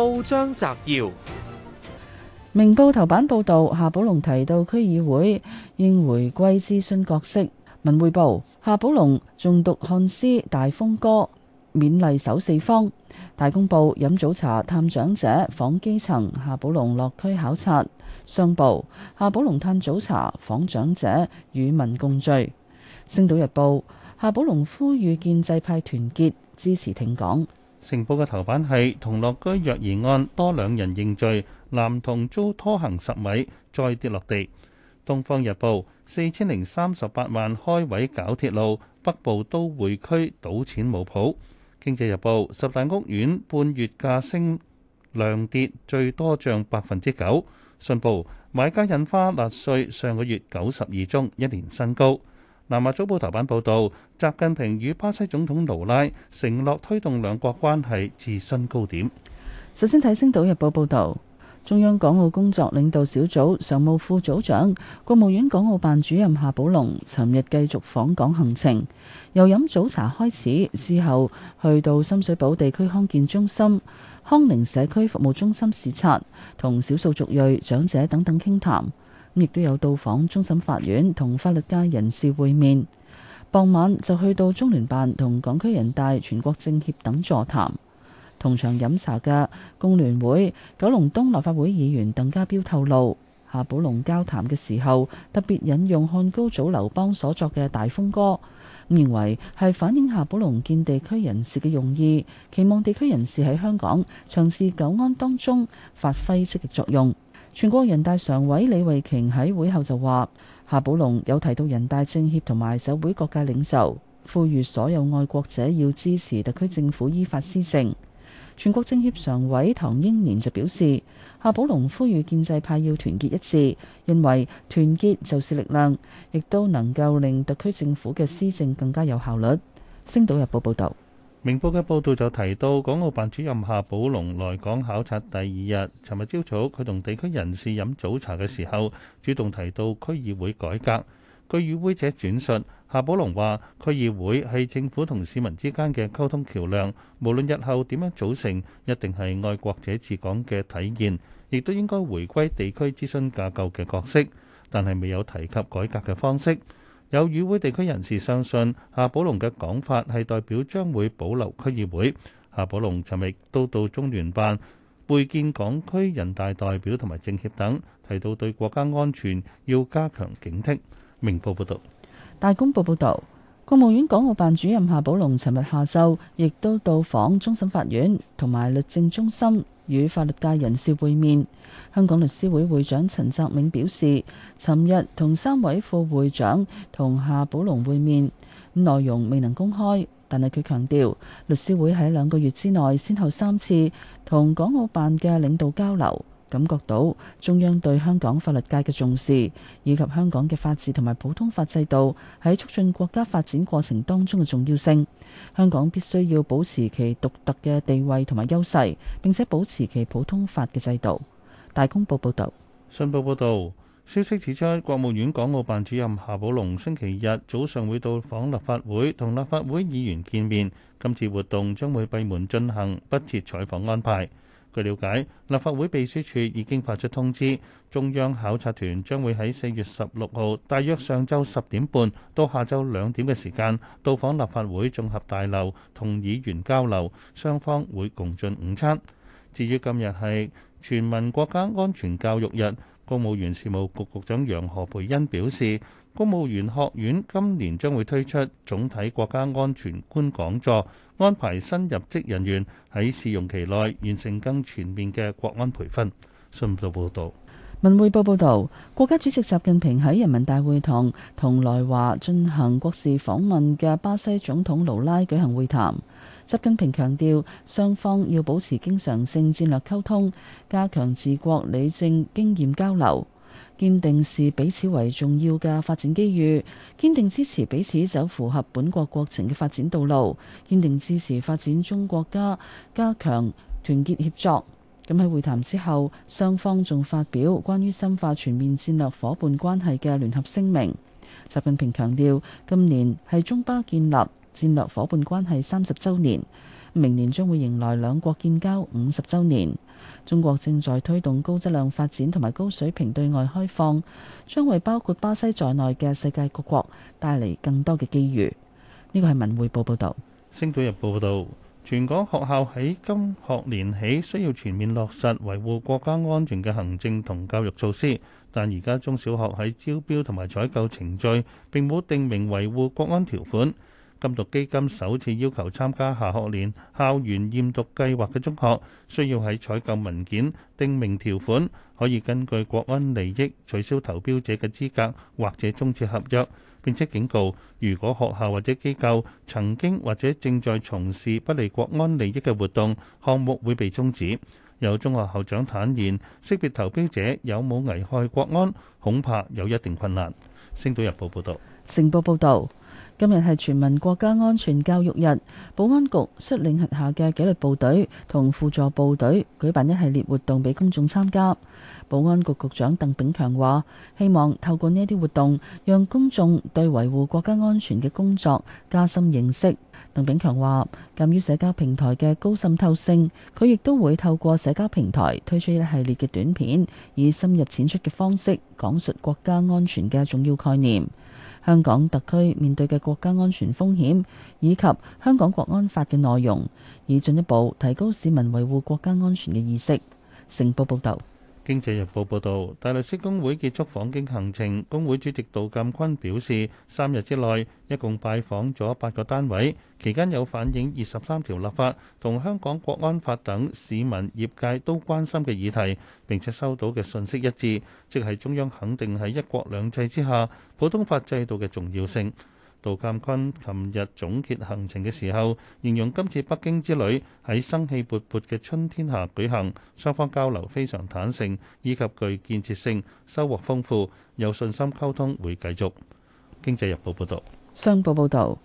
報章摘要：明報頭版報道夏寶龍提到區議會應回歸諮詢角色。文匯報：夏寶龍誦讀漢詩《大風歌》，勉勵守四方。大公報：飲早茶探長者訪基層。夏寶龍落區考察。商報：夏寶龍歎早茶訪長者，與民共聚。星島日報：夏寶龍呼籲建制派團結，支持挺港。成報嘅頭版係同樂居虐兒案多兩人認罪，男童遭拖行十米再跌落地。東方日報四千零三十八萬開位搞鐵路，北部都會區賭錢冇譜。經濟日報十大屋苑半月價升量跌，最多漲百分之九。信報買家印花納稅上個月九十二宗，一年新高。南華早報頭版報導，習近平與巴西總統盧拉承諾推動兩國關係至新高點。首先睇《星島日報》報導，中央港澳工作領導小組常務副組長、國務院港澳辦主任夏寶龍尋日繼續訪港行程，由飲早茶開始，之後去到深水埗地區康健中心、康寧社區服務中心視察，同少數族裔長者等等傾談，談。亦都有到訪終審法院同法律界人士會面，傍晚就去到中聯辦同港區人大、全國政協等座談。同場飲茶嘅工聯會九龍東立法會議員鄧家彪透露，夏寶龍交談嘅時候特別引用漢高祖劉邦所作嘅《大風歌》，咁認為係反映夏寶龍見地區人士嘅用意，期望地區人士喺香港長治久安當中發揮積極作用。全國人大常委李慧瓊喺會後就話：夏寶龍有提到人大政協同埋社會各界領袖，呼籲所有愛國者要支持特區政府依法施政。全國政協常委唐英年就表示，夏寶龍呼籲建制派要團結一致，認為團結就是力量，亦都能夠令特區政府嘅施政更加有效率。《星島日報》報導。明報嘅報道就提到，港澳辦主任夏寶龍來港考察第二日，尋日朝早佢同地區人士飲早茶嘅時候，主動提到區議會改革。據與會者轉述，夏寶龍話：區議會係政府同市民之間嘅溝通橋梁，無論日後點樣組成，一定係愛國者治港嘅體現，亦都應該回歸地區諮詢架構嘅角色。但係未有提及改革嘅方式。有與會地區人士相信，夏寶龍嘅講法係代表將會保留區議會。夏寶龍尋日都到中聯辦會見港區人大代表同埋政協等，提到對國家安全要加強警惕。明報報道。大公報報道，國務院港澳辦主任夏寶龍尋日下晝亦都到訪終審法院同埋律政中心。與法律界人士會面，香港律師會會長陳澤銘表示，尋日同三位副會長同夏寶龍會面，內容未能公開，但係佢強調，律師會喺兩個月之內，先後三次同港澳辦嘅領導交流。感覺到中央對香港法律界嘅重視，以及香港嘅法治同埋普通法制度喺促進國家發展過程當中嘅重要性。香港必須要保持其獨特嘅地位同埋優勢，並且保持其普通法嘅制度。大公報報道，信報報道消息指出，國務院港澳辦主任夏寶龍星期日早上會到訪立法會，同立法會議員見面。今次活動將會閉門進行，不設採訪安排。據了解，立法會秘書處已經發出通知，中央考察團將會喺四月十六號，大約上晝十點半到下晝兩點嘅時間到訪立法會綜合大樓，同議員交流，雙方會共進午餐。至於今日係全民國家安全教育日。公務員事務局局長楊何蓓茵表示，公務員學院今年將會推出總體國家安全觀講座，安排新入職人員喺試用期內完成更全面嘅國安培訓。信報報道，文匯報報道，國家主席習近平喺人民大會堂同來華進行國事訪問嘅巴西總統盧拉舉行會談。習近平強調，雙方要保持經常性戰略溝通，加強治國理政經驗交流，堅定視彼此為重要嘅發展機遇，堅定支持彼此走符合本國國情嘅發展道路，堅定支持發展中國家，加強團結協作。咁喺會談之後，雙方仲發表關於深化全面戰略伙伴關係嘅聯合聲明。習近平強調，今年係中巴建立戰略伙伴關係三十週年，明年將會迎來兩國建交五十週年。中國正在推動高質量發展同埋高水平對外開放，將為包括巴西在內嘅世界各國帶嚟更多嘅機遇。呢個係文匯報報道。《星島日報》報導，全港學校喺今學年起需要全面落實維護國家安全嘅行政同教育措施，但而家中小學喺招標同埋採購程序並冇定名維護國安條款。禁毒基金首次要求參加下學年校園驗毒計劃嘅中學需要喺採購文件訂明條款，可以根據國安利益取消投標者嘅資格或者終止合約，並且警告，如果學校或者機構曾經或者正在從事不利國安利益嘅活動，項目會被終止。有中學校長坦言，識別投標者有冇危害國安，恐怕有一定困難。星島日報報道，成報報道。今日係全民國家安全教育日，保安局率領轄下嘅紀律部隊同輔助部隊舉辦一系列活動俾公眾參加。保安局局長鄧炳強話：希望透過呢一啲活動，讓公眾對維護國家安全嘅工作加深認識。鄧炳強話：鑑於社交平台嘅高滲透性，佢亦都會透過社交平台推出一系列嘅短片，以深入淺出嘅方式講述國家安全嘅重要概念。香港特區面對嘅國家安全風險，以及香港國安法嘅內容，以進一步提高市民維護國家安全嘅意識。成報報道。《經濟日報》報導，大律師公會結束訪京行程，公會主席杜錦坤表示，三日之內一共拜訪咗八個單位，期間有反映二十三條立法同香港國安法等市民業界都關心嘅議題，並且收到嘅信息一致，即係中央肯定喺一國兩制之下普通法制度嘅重要性。杜鑒坤琴日總結行程嘅時候，形容今次北京之旅喺生氣勃勃嘅春天下舉行，雙方交流非常坦誠以及具建設性，收穫豐富，有信心溝通會繼續。經濟日報報道，商報報道，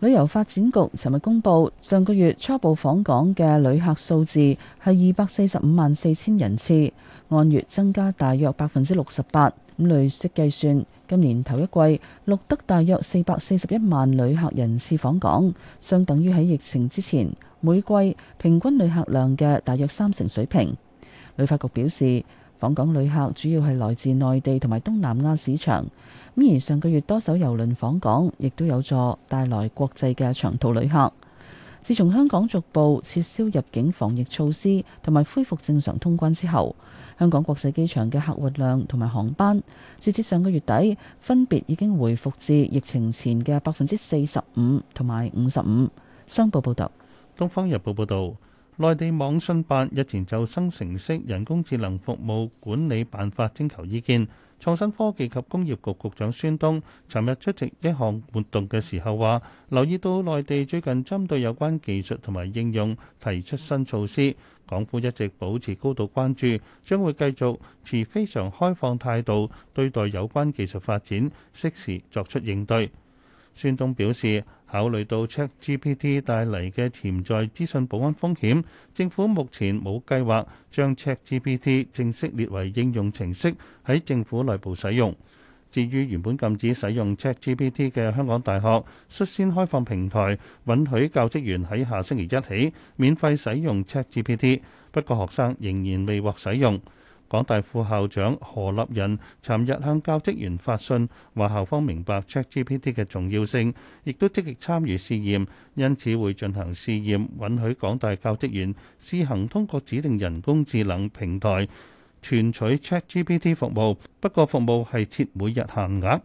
旅遊發展局尋日公布上個月初步訪港嘅旅客數字係二百四十五萬四千人次，按月增加大約百分之六十八。咁累積計算，今年頭一季錄得大約四百四十一萬旅客人次訪港，相等於喺疫情之前每季平均旅客量嘅大約三成水平。旅發局表示，訪港旅客主要係來自內地同埋東南亞市場。咁而上個月多艘郵輪訪港，亦都有助帶來國際嘅長途旅客。自從香港逐步撤銷入境防疫措施同埋恢復正常通關之後，香港國際機場嘅客運量同埋航班，截至上個月底，分別已經回復至疫情前嘅百分之四十五同埋五十五。商報報道，《東方日報》報道。內地網信辦日前就生成式人工智能服務管理辦法徵求意見。創新科技及工業局局長孫東尋日出席一項活動嘅時候話：留意到內地最近針對有關技術同埋應用提出新措施，港府一直保持高度關注，將會繼續持非常開放態度對待有關技術發展，適時作出應對。孫東表示，考慮到 ChatGPT 帶嚟嘅潛在資訊保安風險，政府目前冇計劃將 ChatGPT 正式列為應用程式喺政府內部使用。至於原本禁止使用 ChatGPT 嘅香港大學，率先開放平台，允許教職員喺下星期一起免費使用 ChatGPT，不過學生仍然未獲使用。港大副校長何立仁尋日向教職員發信，話校方明白 ChatGPT 嘅重要性，亦都積極參與試驗，因此會進行試驗，允許港大教職員試行通過指定人工智能平台存取 ChatGPT 服務。不過，服務係設每日限額。《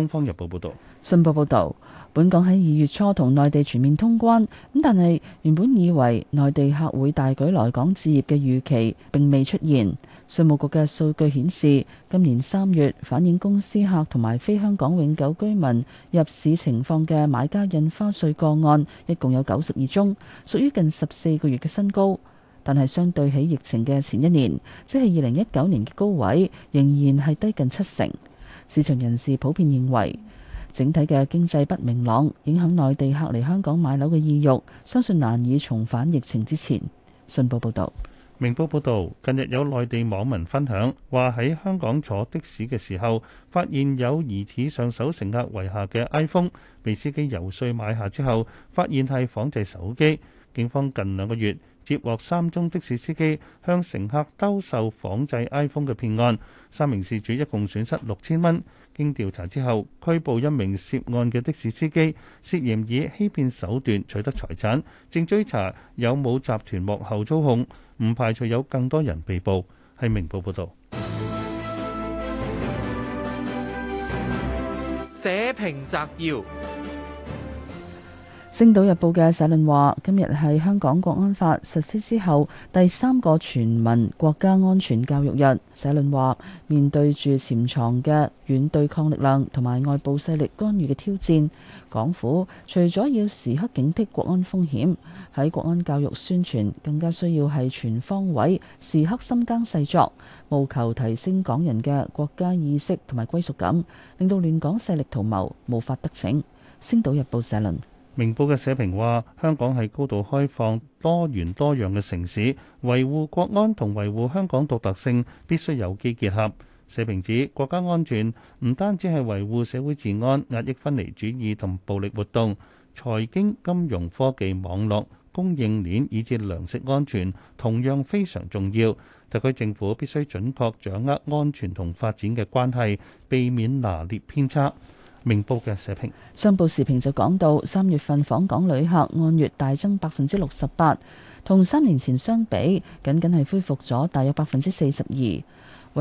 東方日報》報道，信報報道，本港喺二月初同內地全面通關咁，但係原本以為內地客會大舉來港置業嘅預期並未出現。稅務局嘅數據顯示，今年三月反映公司客同埋非香港永久居民入市情況嘅買家印花稅個案，一共有九十二宗，屬於近十四個月嘅新高。但係相對起疫情嘅前一年，即係二零一九年嘅高位，仍然係低近七成。市場人士普遍認為，整體嘅經濟不明朗，影響內地客嚟香港買樓嘅意欲，相信難以重返疫情之前。信報報道。明報報道，近日有內地網民分享，話喺香港坐的士嘅時候，發現有疑似上手乘客遺下嘅 iPhone，被司機游說買下之後，發現係仿製手機。警方近兩個月接獲三宗的士司機向乘客兜售仿製 iPhone 嘅騙案，三名事主一共損失六千蚊。經調查之後，拘捕一名涉案嘅的士司機，涉嫌以欺騙手段取得財產，正追查有冇集團幕後操控，唔排除有更多人被捕。係明報報道。社評摘要。《星島日報》嘅社論話：今日係香港國安法實施之後第三個全民國家安全教育日。社論話，面對住潛藏嘅軟對抗力量同埋外部勢力干預嘅挑戰，港府除咗要時刻警惕國安風險，喺國安教育宣傳更加需要係全方位、時刻深耕細作，務求提升港人嘅國家意識同埋歸屬感，令到亂港勢力圖謀無法得逞。《星島日報》社論。明報嘅社評話：香港係高度開放、多元多樣嘅城市，維護國安同維護香港獨特性必須有機結合。社評指國家安全唔單止係維護社會治安、壓抑分離主義同暴力活動，財經、金融、科技、網絡、供應鏈以至糧食安全同樣非常重要。特區政府必須準確掌握安全同發展嘅關係，避免拿捏偏差。明報嘅社評，商報時評就講到，三月份訪港旅客按月大增百分之六十八，同三年前相比，僅僅係恢復咗大約百分之四十二。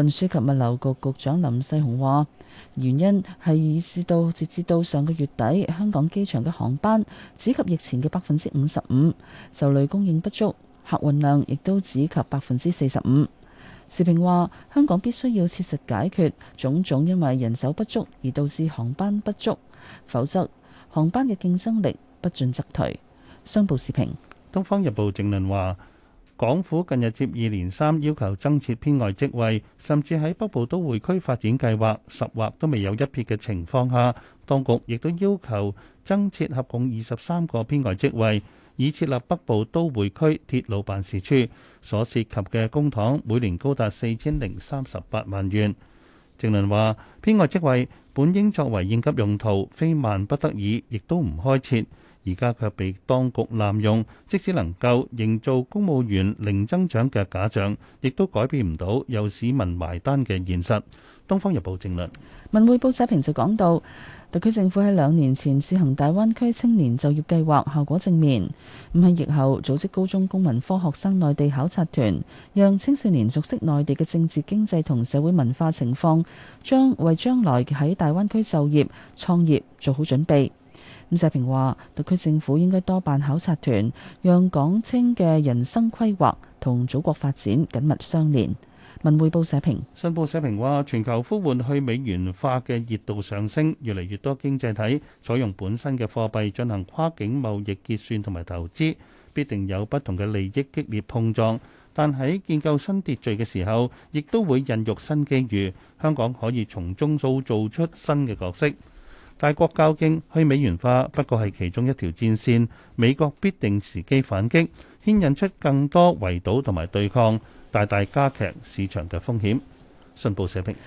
運輸及物流局局長林世雄話，原因係以至到截至到上個月底，香港機場嘅航班只及疫前嘅百分之五十五，受累供應不足，客運量亦都只及百分之四十五。時評話：香港必須要切實解決種種因為人手不足而導致航班不足，否則航班嘅競爭力不進則退。商報時評，《東方日報》正論話：港府近日接二連三要求增設編外職位，甚至喺北部都會區發展計劃十劃都未有一撇嘅情況下，當局亦都要求增設合共二十三個編外職位。已設立北部都會區鐵路辦事處所涉及嘅公帑，每年高達四千零三十八萬元。正論話，編外職位本應作為應急用途，非萬不得已亦都唔開設，而家卻被當局濫用，即使能夠營造公務員零增長嘅假象，亦都改變唔到有市民埋單嘅現實。《東方日報》正論。文匯報社評就講到，特區政府喺兩年前試行大灣區青年就業計劃，效果正面。唔係疫後組織高中公民科學生內地考察團，讓青少年熟悉內地嘅政治經濟同社會文化情況，將為將來喺大灣區就業創業做好準備。咁社評話，特區政府應該多辦考察團，讓港青嘅人生規劃同祖國發展緊密相連。文匯報社評，信報社評話：全球呼喚去美元化嘅熱度上升，越嚟越多經濟體採用本身嘅貨幣進行跨境貿易結算同埋投資，必定有不同嘅利益激烈碰撞。但喺建構新秩序嘅時候，亦都會孕育新機遇。香港可以從中塑造出新嘅角色。大國交經去美元化不過係其中一條戰線，美國必定時機反擊，牽引出更多圍堵同埋對抗。大大加劇市場嘅風險。信報社評。